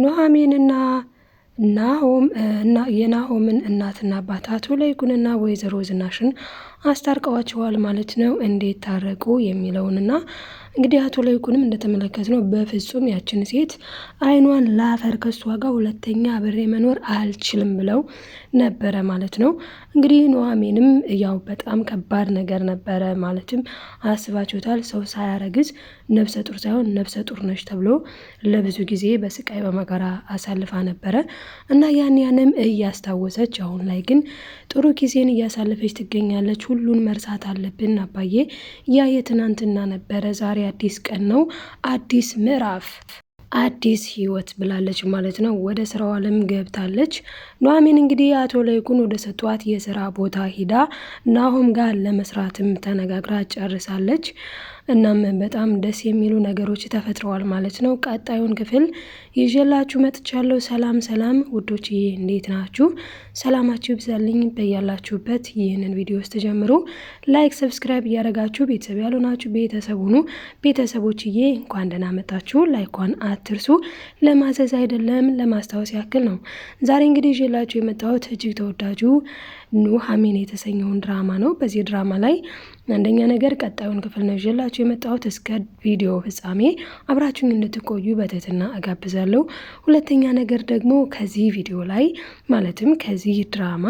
ኑሐሚንና ናሆም የናሆምን እናትና አባት አቶ ጉንና ወይዘሮ ዝናሽን አስታርቀዋቸዋል ማለት ነው። እንዴት ታረቁ የሚለውንና እንግዲህ አቶ ላይኩንም እንደተመለከትነው በፍጹም ያችን ሴት አይኗን ላፈር ከሷ ጋር ሁለተኛ አብሬ መኖር አልችልም ብለው ነበረ ማለት ነው። እንግዲህ ኑሐሚንም ያው በጣም ከባድ ነገር ነበረ ማለትም አስባችሁታል። ሰው ሳያረግዝ ነብሰ ጡር ሳይሆን ነብሰ ጡር ነች ተብሎ ለብዙ ጊዜ በስቃይ በመከራ አሳልፋ ነበረ እና ያን ያንም እያስታወሰች አሁን ላይ ግን ጥሩ ጊዜን እያሳለፈች ትገኛለች። ሁሉን መርሳት አለብን አባዬ፣ ያ የትናንትና ነበረ ዛሬ አዲስ ቀን ነው፣ አዲስ ምዕራፍ፣ አዲስ ህይወት ብላለች ማለት ነው። ወደ ስራው አለም ገብታለች። ኑሐሚን እንግዲህ አቶ ላይኩን ወደ ሰጧት የስራ ቦታ ሂዳ ናሆም ጋር ለመስራትም ተነጋግራ ጨርሳለች። እናም በጣም ደስ የሚሉ ነገሮች ተፈጥረዋል ማለት ነው። ቀጣዩን ክፍል ይዤላችሁ መጥቻለሁ። ሰላም ሰላም ውዶችዬ፣ እንዴት ናችሁ? ሰላማችሁ ይብዛልኝ በያላችሁበት። ይህንን ቪዲዮ ውስጥ ላይክ፣ ሰብስክራይብ እያደረጋችሁ ቤተሰብ ያልሆናችሁ ቤተሰብ ሁኑ። ቤተሰቦችዬ እንኳን ደህና መጣችሁ። ላይኳን አትርሱ። ለማዘዝ አይደለም ለማስታወስ ያክል ነው። ዛሬ እንግዲህ ይዤላችሁ የመጣሁት እጅግ ተወዳጁ ኑሃሚን የተሰኘውን ድራማ ነው። በዚህ ድራማ ላይ አንደኛ ነገር ቀጣዩን ክፍል ነው ይዤላችሁ የመጣሁት። እስከ ቪዲዮ ፍጻሜ አብራችሁኝ እንድትቆዩ በትህትና እጋብዛለሁ። ሁለተኛ ነገር ደግሞ ከዚህ ቪዲዮ ላይ ማለትም ከዚህ ድራማ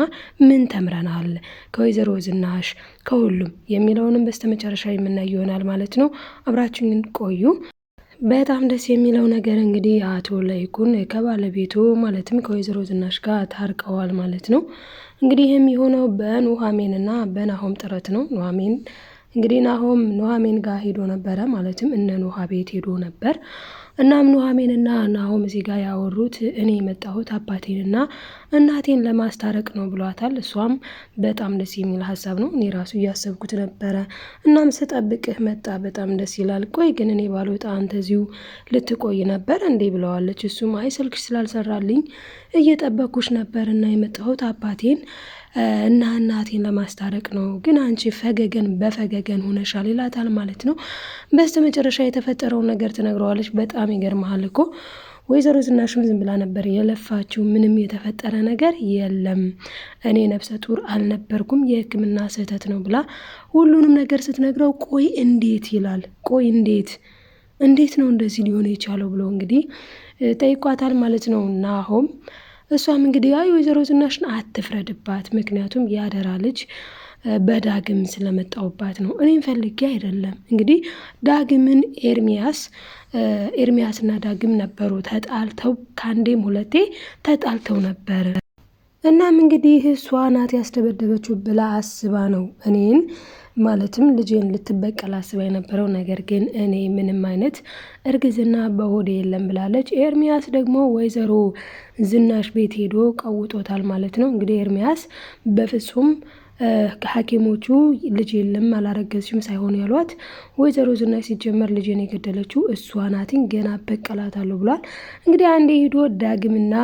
ምን ተምረናል ከወይዘሮ ዝናሽ ከሁሉም የሚለውንም በስተመጨረሻ የምናይ ይሆናል ማለት ነው። አብራችሁኝ ቆዩ። በጣም ደስ የሚለው ነገር እንግዲህ አቶ ላይኩን ከባለቤቱ ማለትም ከወይዘሮ ዝናሽ ጋር ታርቀዋል ማለት ነው። እንግዲህ የሚሆነው በኑሐሜንና በናሆም ጥረት ነው። ኑሐሜን እንግዲህ ናሆም ኑሐሜን ጋር ሄዶ ነበረ። ማለትም እነ ኑሐ ቤት ሄዶ ነበር። እናም ኑሐሚንና ናሆም እዚህ ጋር ያወሩት እኔ የመጣሁት አባቴንና እናቴን ለማስታረቅ ነው ብሏታል። እሷም በጣም ደስ የሚል ሀሳብ ነው፣ እኔ ራሱ እያሰብኩት ነበረ። እናም ስጠብቅህ መጣ፣ በጣም ደስ ይላል። ቆይ ግን እኔ ባልወጣ አንተ እዚሁ ልትቆይ ነበር እንዴ ብለዋለች። እሱም አይ ስልክሽ ስላልሰራልኝ እየጠበኩሽ ነበርና የመጣሁት አባቴን እና እናቴን ለማስታረቅ ነው፣ ግን አንቺ ፈገገን በፈገገን ሆነሻል ይላታል ማለት ነው። በስተ መጨረሻ የተፈጠረውን ነገር ትነግረዋለች። በጣም ይገርመሃል እኮ ወይዘሮ ዝናሽም ዝም ብላ ነበር የለፋችው። ምንም የተፈጠረ ነገር የለም፣ እኔ ነፍሰ ጡር አልነበርኩም፣ የሕክምና ስህተት ነው ብላ ሁሉንም ነገር ስትነግረው ቆይ እንዴት ይላል። ቆይ እንዴት እንዴት ነው እንደዚህ ሊሆን የቻለው ብሎ እንግዲህ ጠይቋታል ማለት ነው ናሆም እሷም እንግዲህ አይ ወይዘሮ ዝናሽን አትፍረድባት፣ ምክንያቱም የአደራ ልጅ በዳግም ስለመጣውባት ነው። እኔም ፈልጌ አይደለም። እንግዲህ ዳግምን ኤርሚያስ ኤርሚያስና ዳግም ነበሩ ተጣልተው፣ ከአንዴም ሁለቴ ተጣልተው ነበር። እናም እንግዲህ እሷ ናት ያስደበደበችው ብላ አስባ ነው እኔን ማለትም ልጄን ልትበቀል አስባ የነበረው ነገር ግን እኔ ምንም አይነት እርግዝና በሆዴ የለም ብላለች። ኤርሚያስ ደግሞ ወይዘሮ ዝናሽ ቤት ሄዶ ቀውጦታል ማለት ነው። እንግዲህ ኤርሚያስ በፍጹም ሐኪሞቹ ልጅ የለም አላረገዝሽም ሳይሆን ያሏት ወይዘሮ ዝናሽ ሲጀመር ልጅን የገደለችው እሷ ናትኝ ገና በቀላታለሁ ብሏል። እንግዲህ አንዴ ሂዶ ዳግምና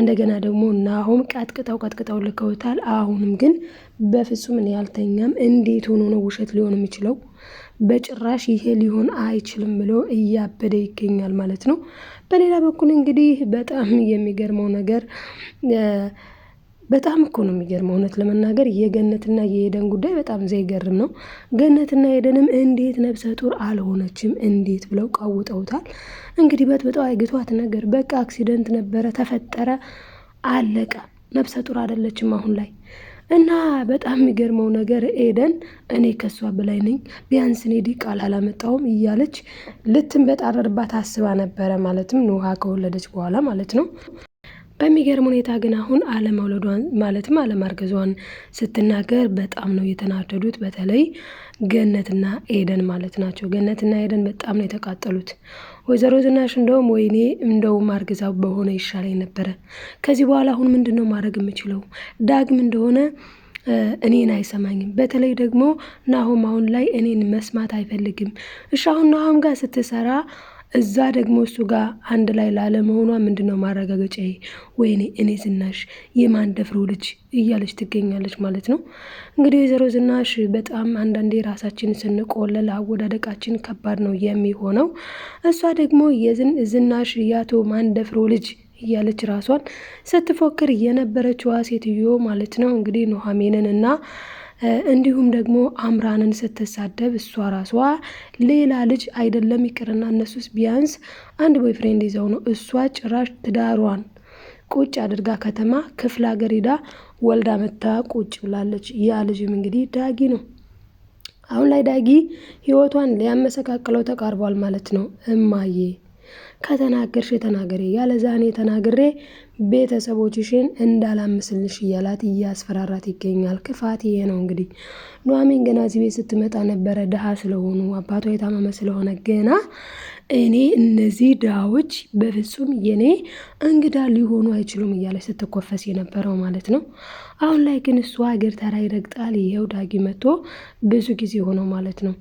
እንደገና ደግሞ ናሆም ቀጥቅጠው ቀጥቅጠው ልከውታል። አሁንም ግን በፍጹም እኔ አልተኛም። እንዴት ሆኖ ነው ውሸት ሊሆን የሚችለው? በጭራሽ ይሄ ሊሆን አይችልም ብሎ እያበደ ይገኛል ማለት ነው። በሌላ በኩል እንግዲህ በጣም የሚገርመው ነገር በጣም እኮ ነው የሚገርመው። እውነት ለመናገር የገነትና የኤደን ጉዳይ በጣም ዘይገርም ነው። ገነትና ኤደንም እንዴት ነብሰ ጡር አልሆነችም እንዴት ብለው ቃውጠውታል። እንግዲህ በጥብጠው አይግቷት ነገር በቃ አክሲደንት ነበረ ተፈጠረ፣ አለቀ። ነብሰ ጡር አይደለችም አሁን ላይ እና በጣም የሚገርመው ነገር ኤደን እኔ ከሷ በላይ ነኝ፣ ቢያንስ እኔ ዲቃላ አላመጣውም እያለች ልትንበጣረርባት አስባ ነበረ። ማለትም ኑሃ ከወለደች በኋላ ማለት ነው። በሚገርም ሁኔታ ግን አሁን አለመውለዷን ማለትም አለማርገዟን ስትናገር በጣም ነው የተናደዱት። በተለይ ገነትና ኤደን ማለት ናቸው። ገነትና ኤደን በጣም ነው የተቃጠሉት። ወይዘሮ ዝናሽ እንደውም ወይኔ እንደው ማርገዛው በሆነ ይሻለኝ ነበረ። ከዚህ በኋላ አሁን ምንድን ነው ማድረግ የምችለው? ዳግም እንደሆነ እኔን አይሰማኝም። በተለይ ደግሞ ናሆም አሁን ላይ እኔን መስማት አይፈልግም። እሺ አሁን ናሆም ጋር ስትሰራ እዛ ደግሞ እሱ ጋር አንድ ላይ ላለመሆኗ ምንድን ነው ማረጋገጫ? ወይኔ እኔ ዝናሽ የማን ደፍሮ ልጅ እያለች ትገኛለች ማለት ነው። እንግዲህ ወይዘሮ ዝናሽ በጣም አንዳንዴ ራሳችን ስንቆለል አወዳደቃችን ከባድ ነው የሚሆነው። እሷ ደግሞ የዝናሽ የአቶ ማን ደፍሮ ልጅ እያለች ራሷን ስትፎክር የነበረችዋ ሴትዮ ማለት ነው እንግዲህ ኑሐሚንን እና እንዲሁም ደግሞ አምራንን ስትሳደብ እሷ ራሷ ሌላ ልጅ አይደለም ይቅርና እነሱስ ቢያንስ አንድ ቦይፍሬንድ ይዘው ነው። እሷ ጭራሽ ትዳሯን ቁጭ አድርጋ ከተማ ክፍለ ሀገር ሄዳ ወልዳ መታ ቁጭ ብላለች። ያ ልጅም እንግዲህ ዳጊ ነው። አሁን ላይ ዳጊ ህይወቷን ሊያመሰቃቅለው ተቃርቧል ማለት ነው። እማዬ ከተናገርሽ ተናገሬ ያለዛ እኔ ተናግሬ ቤተሰቦችሽን እንዳላምስልሽ እያላት እያስፈራራት ይገኛል። ክፋት ይሄ ነው እንግዲህ። ኑሐሚን ገና እዚህ ቤት ስትመጣ ነበረ ድሃ ስለሆኑ አባቷ የታመመ ስለሆነ ገና እኔ እነዚህ ድሃዎች በፍጹም የኔ እንግዳ ሊሆኑ አይችሉም እያለች ስትኮፈስ የነበረው ማለት ነው። አሁን ላይ ግን እሷ ሀገር ተራ ይረግጣል። ይሄው ዳጊ መጥቶ ብዙ ጊዜ ሆነው ማለት ነው።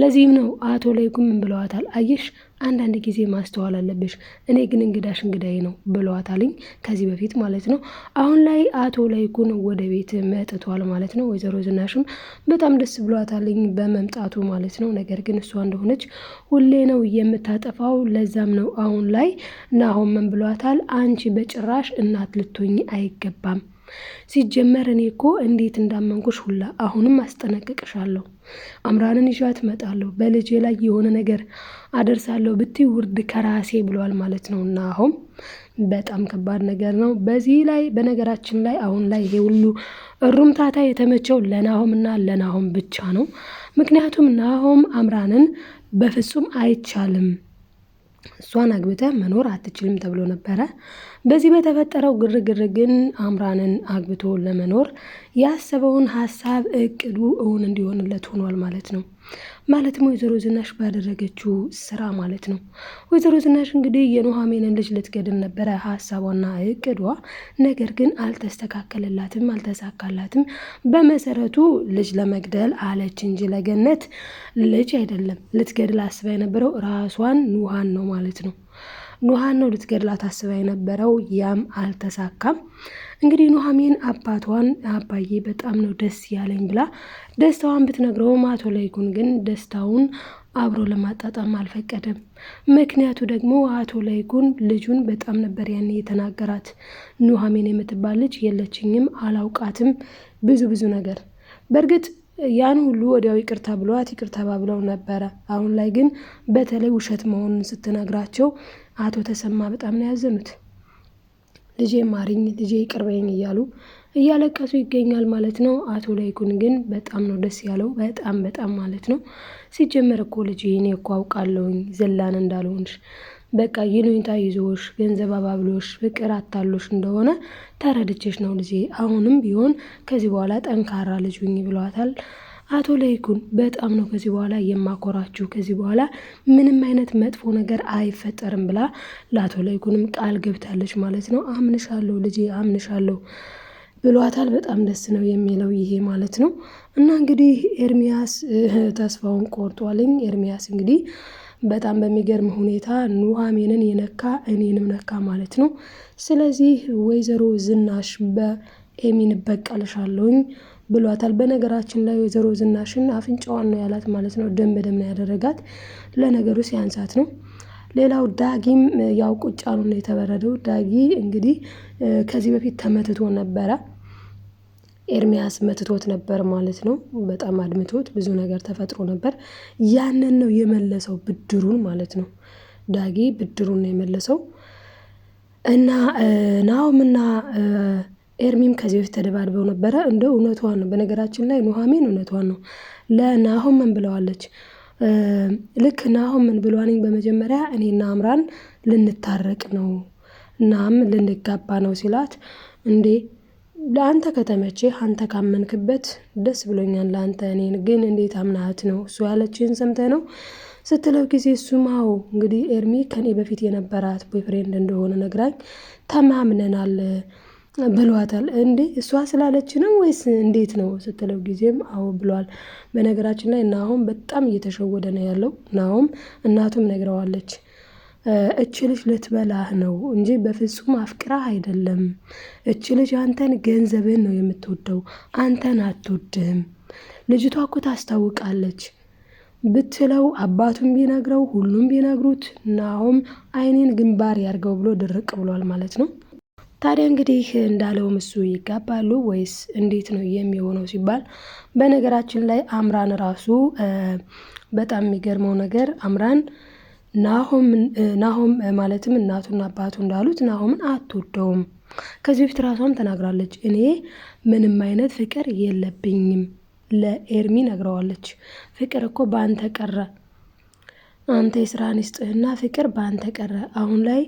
ለዚህም ነው አቶ ለይኩም ምን ብለዋታል? አየሽ አንዳንድ ጊዜ ማስተዋል አለብሽ። እኔ ግን እንግዳሽ እንግዳዬ ነው ብለዋታልኝ ከዚህ በፊት ማለት ነው። አሁን ላይ አቶ ጉን ወደ ቤት መጥቷል ማለት ነው። ወይዘሮ ዝናሽም በጣም ደስ ብለዋታልኝ በመምጣቱ ማለት ነው። ነገር ግን እሷ እንደሆነች ሁሌ ነው የምታጠፋው። ለዛም ነው አሁን ላይ ናሆም ምን ብለዋታል፣ አንቺ በጭራሽ እናት ልትሆኝ አይገባም ሲጀመር እኔ እኮ እንዴት እንዳመንኩሽ ሁላ አሁንም አስጠነቅቅሻለሁ። አምራንን ይዣት እመጣለሁ፣ በልጄ ላይ የሆነ ነገር አደርሳለሁ ብትይ ውርድ ከራሴ ብለዋል ማለት ነው። እና አሁን በጣም ከባድ ነገር ነው። በዚህ ላይ በነገራችን ላይ አሁን ላይ ይሄ ሁሉ እሩምታታ የተመቸው ለናሆም እና ለናሆም ብቻ ነው። ምክንያቱም ናሆም አምራንን በፍጹም አይቻልም እሷን አግብተህ መኖር አትችልም ተብሎ ነበረ። በዚህ በተፈጠረው ግርግር ግን አምራንን አግብቶ ለመኖር ያሰበውን ሀሳብ እቅዱ እውን እንዲሆንለት ሆኗል ማለት ነው። ማለትም ወይዘሮ ዝናሽ ባደረገችው ስራ ማለት ነው። ወይዘሮ ዝናሽ እንግዲህ የኑሐሚንን ልጅ ልትገድል ነበረ ሀሳቧና እቅዷ። ነገር ግን አልተስተካከለላትም፣ አልተሳካላትም። በመሰረቱ ልጅ ለመግደል አለች እንጂ ለገነት ልጅ አይደለም ልትገድል አስባ የነበረው ራሷን ኑሐን ነው ማለት ነው። ኑሃን ነው ልትገድላ ታስባ የነበረው ያም አልተሳካም። እንግዲህ ኑሃሚን አባቷን አባዬ በጣም ነው ደስ ያለኝ ብላ ደስታዋን ብትነግረውም አቶ ለይኩን ግን ደስታውን አብሮ ለማጣጣም አልፈቀደም። ምክንያቱ ደግሞ አቶ ለይኩን ልጁን በጣም ነበር ያኔ የተናገራት። ኑሃሚን የምትባል ልጅ የለችኝም፣ አላውቃትም፣ ብዙ ብዙ ነገር በእርግጥ ያን ሁሉ ወዲያው ይቅርታ ብሏት ይቅርታ ባብለው ነበረ። አሁን ላይ ግን በተለይ ውሸት መሆኑን ስትነግራቸው አቶ ተሰማ በጣም ነው ያዘኑት። ልጄ ማሪኝ፣ ልጄ ቅርበኝ እያሉ እያለቀሱ ይገኛል ማለት ነው። አቶ ላይኩን ግን በጣም ነው ደስ ያለው፣ በጣም በጣም ማለት ነው። ሲጀመር እኮ ልጅ እኔ እኮ አውቃለሁኝ ዘላን እንዳልሆንሽ በቃ ይሉኝታ ይዞሽ ገንዘብ አባብሎሽ ፍቅር አታሎሽ እንደሆነ ተረድቼሽ ነው ልጄ። አሁንም ቢሆን ከዚህ በኋላ ጠንካራ ልጅ ሁኚ ብለዋታል። አቶ ለይኩን በጣም ነው ከዚህ በኋላ የማኮራችሁ፣ ከዚህ በኋላ ምንም አይነት መጥፎ ነገር አይፈጠርም ብላ ለአቶ ለይኩንም ቃል ገብታለች ማለት ነው። አምንሻለሁ ልጄ አምንሻለሁ ብሏታል። በጣም ደስ ነው የሚለው ይሄ ማለት ነው። እና እንግዲህ ኤርሚያስ ተስፋውን ቆርጧልኝ። ኤርሚያስ እንግዲህ በጣም በሚገርም ሁኔታ ኑሐሚንን የነካ እኔንም ነካ ማለት ነው። ስለዚህ ወይዘሮ ዝናሽ በኤሚን በቀልሻለሁኝ ብሏታል። በነገራችን ላይ ወይዘሮ ዝናሽን አፍንጫዋን ነው ያላት ማለት ነው። ደም በደም ነው ያደረጋት። ለነገሩ ሲያንሳት ነው። ሌላው ዳጊም ያው ቁጭ አሉ ነው የተበረደው። ዳጊ እንግዲህ ከዚህ በፊት ተመትቶ ነበረ። ኤርሚያስ መትቶት ነበር ማለት ነው። በጣም አድምቶት ብዙ ነገር ተፈጥሮ ነበር። ያንን ነው የመለሰው ብድሩን ማለት ነው። ዳጊ ብድሩን ነው የመለሰው እና ናሆምና ኤርሚም ከዚህ በፊት ተደባድበው ነበረ። እንደ እውነቷን ነው። በነገራችን ላይ ኑሐሚን እውነቷን ነው። ለናሆም ምን ብለዋለች? ልክ ናሆም ምን ብሏንኝ? በመጀመሪያ እኔና አምራን ልንታረቅ ነው እናም ልንጋባ ነው ሲላት፣ እንዴ ለአንተ ከተመቼ አንተ ካመንክበት ደስ ብሎኛል። ለአንተ እኔን ግን እንዴት አምናት ነው እሱ ያለችን ሰምተ ነው ስትለው ጊዜ ሱማው እንግዲህ ኤርሚ ከኔ በፊት የነበራት ቦይፍሬንድ እንደሆነ ነግራኝ ተማምነናል ብሏታል። እንዴ እሷ ስላለች ነው ወይስ እንዴት ነው ስትለው ጊዜም አዎ ብሏል። በነገራችን ላይ ናሆም በጣም እየተሸወደ ነው ያለው። ናሆም እናቱም ነግረዋለች፣ እች ልጅ ልትበላህ ነው እንጂ በፍጹም አፍቅራህ አይደለም። እች ልጅ አንተን ገንዘብን ነው የምትወደው፣ አንተን አትወድህም። ልጅቷ እኮ ታስታውቃለች ብትለው አባቱም ቢነግረው ሁሉም ቢነግሩት ናሆም አይኔን ግንባር ያርገው ብሎ ድርቅ ብሏል ማለት ነው። ታዲያ እንግዲህ እንዳለውም እሱ ይጋባሉ ወይስ እንዴት ነው የሚሆነው ሲባል በነገራችን ላይ አምራን ራሱ በጣም የሚገርመው ነገር አምራን ናሆም ማለትም እናቱና አባቱ እንዳሉት ናሆምን አትወደውም። ከዚህ በፊት ራሷም ተናግራለች። እኔ ምንም አይነት ፍቅር የለብኝም ለኤርሚ ነግረዋለች። ፍቅር እኮ በአንተ ቀረ አንተ የስራን ይስጥህና ፍቅር በአንተ ቀረ። አሁን ላይ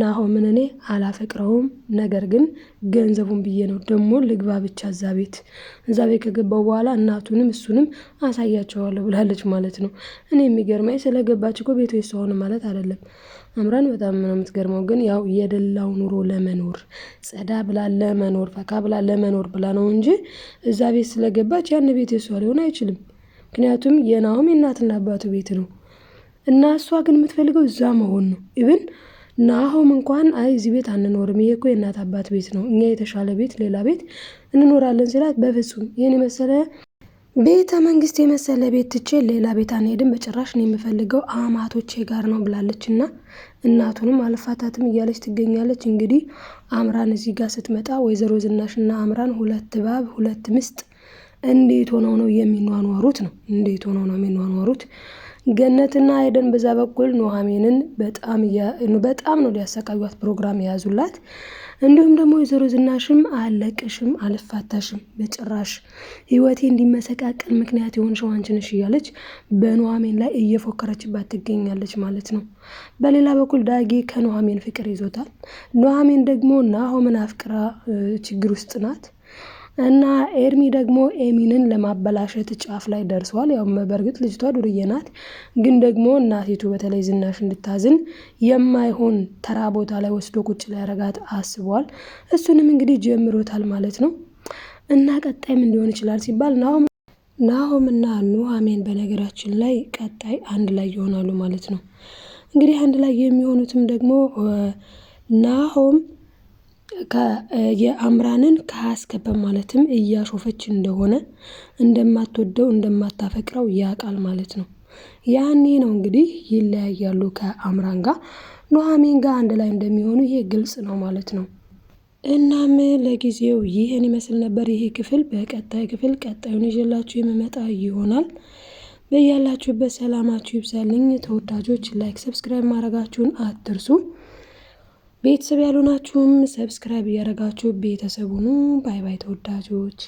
ናሆምን እኔ አላፈቅረውም፣ ነገር ግን ገንዘቡን ብዬ ነው ደግሞ ልግባ ብቻ እዛ ቤት። እዛ ቤት ከገባው በኋላ እናቱንም እሱንም አሳያቸዋለሁ ብላለች ማለት ነው። እኔ የሚገርመኝ ስለገባች እኮ ቤቱ የእሷ ሆነ ማለት አይደለም። አምራን በጣም ነው የምትገርመው። ግን ያው የደላው ኑሮ ለመኖር ጸዳ ብላ ለመኖር ፈካ ብላ ለመኖር ብላ ነው እንጂ እዛ ቤት ስለገባች ያን ቤት የእሷ ሊሆን አይችልም። ምክንያቱም የናሆም የእናትና አባቱ ቤት ነው። እና እሷ ግን የምትፈልገው እዛ መሆን ነው። ኢብን ናሆም እንኳን አይ እዚህ ቤት አንኖርም፣ ይሄ እኮ የእናት አባት ቤት ነው፣ እኛ የተሻለ ቤት ሌላ ቤት እንኖራለን ሲላት በፍጹም ይህን የመሰለ ቤተ መንግስት የመሰለ ቤት ትቼ ሌላ ቤት አንሄድም፣ በጭራሽ ነው የምፈልገው አማቶቼ ጋር ነው ብላለች እና እናቱንም አልፋታትም እያለች ትገኛለች። እንግዲህ አምራን እዚህ ጋር ስትመጣ ወይዘሮ ዝናሽና አምራን ሁለት ባብ ሁለት ምስጥ እንዴት ሆነው ነው የሚኗኗሩት ነው እንዴት ሆነው ነው የሚኗኗሩት? ገነትና ኤደን በዛ በኩል ኑሐሚንን በጣም በጣም ነው ሊያሰቃዩት ፕሮግራም የያዙላት። እንዲሁም ደግሞ ወይዘሮ ዝናሽም አለቅሽም አልፋታሽም በጭራሽ ህይወቴ እንዲመሰቃቀል ምክንያት የሆንሽው አንቺ ነሽ እያለች በኑሐሚን ላይ እየፎከረችባት ትገኛለች ማለት ነው። በሌላ በኩል ዳጌ ከኑሐሚን ፍቅር ይዞታል። ኑሐሚን ደግሞ ናሆምን አፍቅራ ችግር ውስጥ ናት። እና ኤርሚ ደግሞ ኤሚንን ለማበላሸት ጫፍ ላይ ደርሷል። ያው በእርግጥ ልጅቷ ዱርዬ ናት፣ ግን ደግሞ እናቲቱ በተለይ ዝናሽ እንድታዝን የማይሆን ተራ ቦታ ላይ ወስዶ ቁጭ ሊያረጋት አስቧል። እሱንም እንግዲህ ጀምሮታል ማለት ነው እና ቀጣይ ምን ሊሆን ይችላል ሲባል ናሆም ናሆም እና ኑሐሚን በነገራችን ላይ ቀጣይ አንድ ላይ ይሆናሉ ማለት ነው። እንግዲህ አንድ ላይ የሚሆኑትም ደግሞ ናሆም የአምራንን ከአያስገባም ማለትም እያሾፈች እንደሆነ እንደማትወደው እንደማታፈቅረው ያውቃል ማለት ነው። ያኔ ነው እንግዲህ ይለያያሉ ከአምራን ጋር ኑሐሚን ጋር አንድ ላይ እንደሚሆኑ ይሄ ግልጽ ነው ማለት ነው። እናም ለጊዜው ይህን ይመስል ነበር ይሄ ክፍል። በቀጣይ ክፍል ቀጣዩን ይዤላችሁ የምመጣ ይሆናል። በያላችሁበት ሰላማችሁ ይብዛልኝ ተወዳጆች። ላይክ ሰብስክራይብ ማድረጋችሁን አትርሱ። ቤተሰብ ያሉናችሁም ሰብስክራይብ እያደረጋችሁ ቤተሰቡኑ ባይ ባይ ተወዳጆች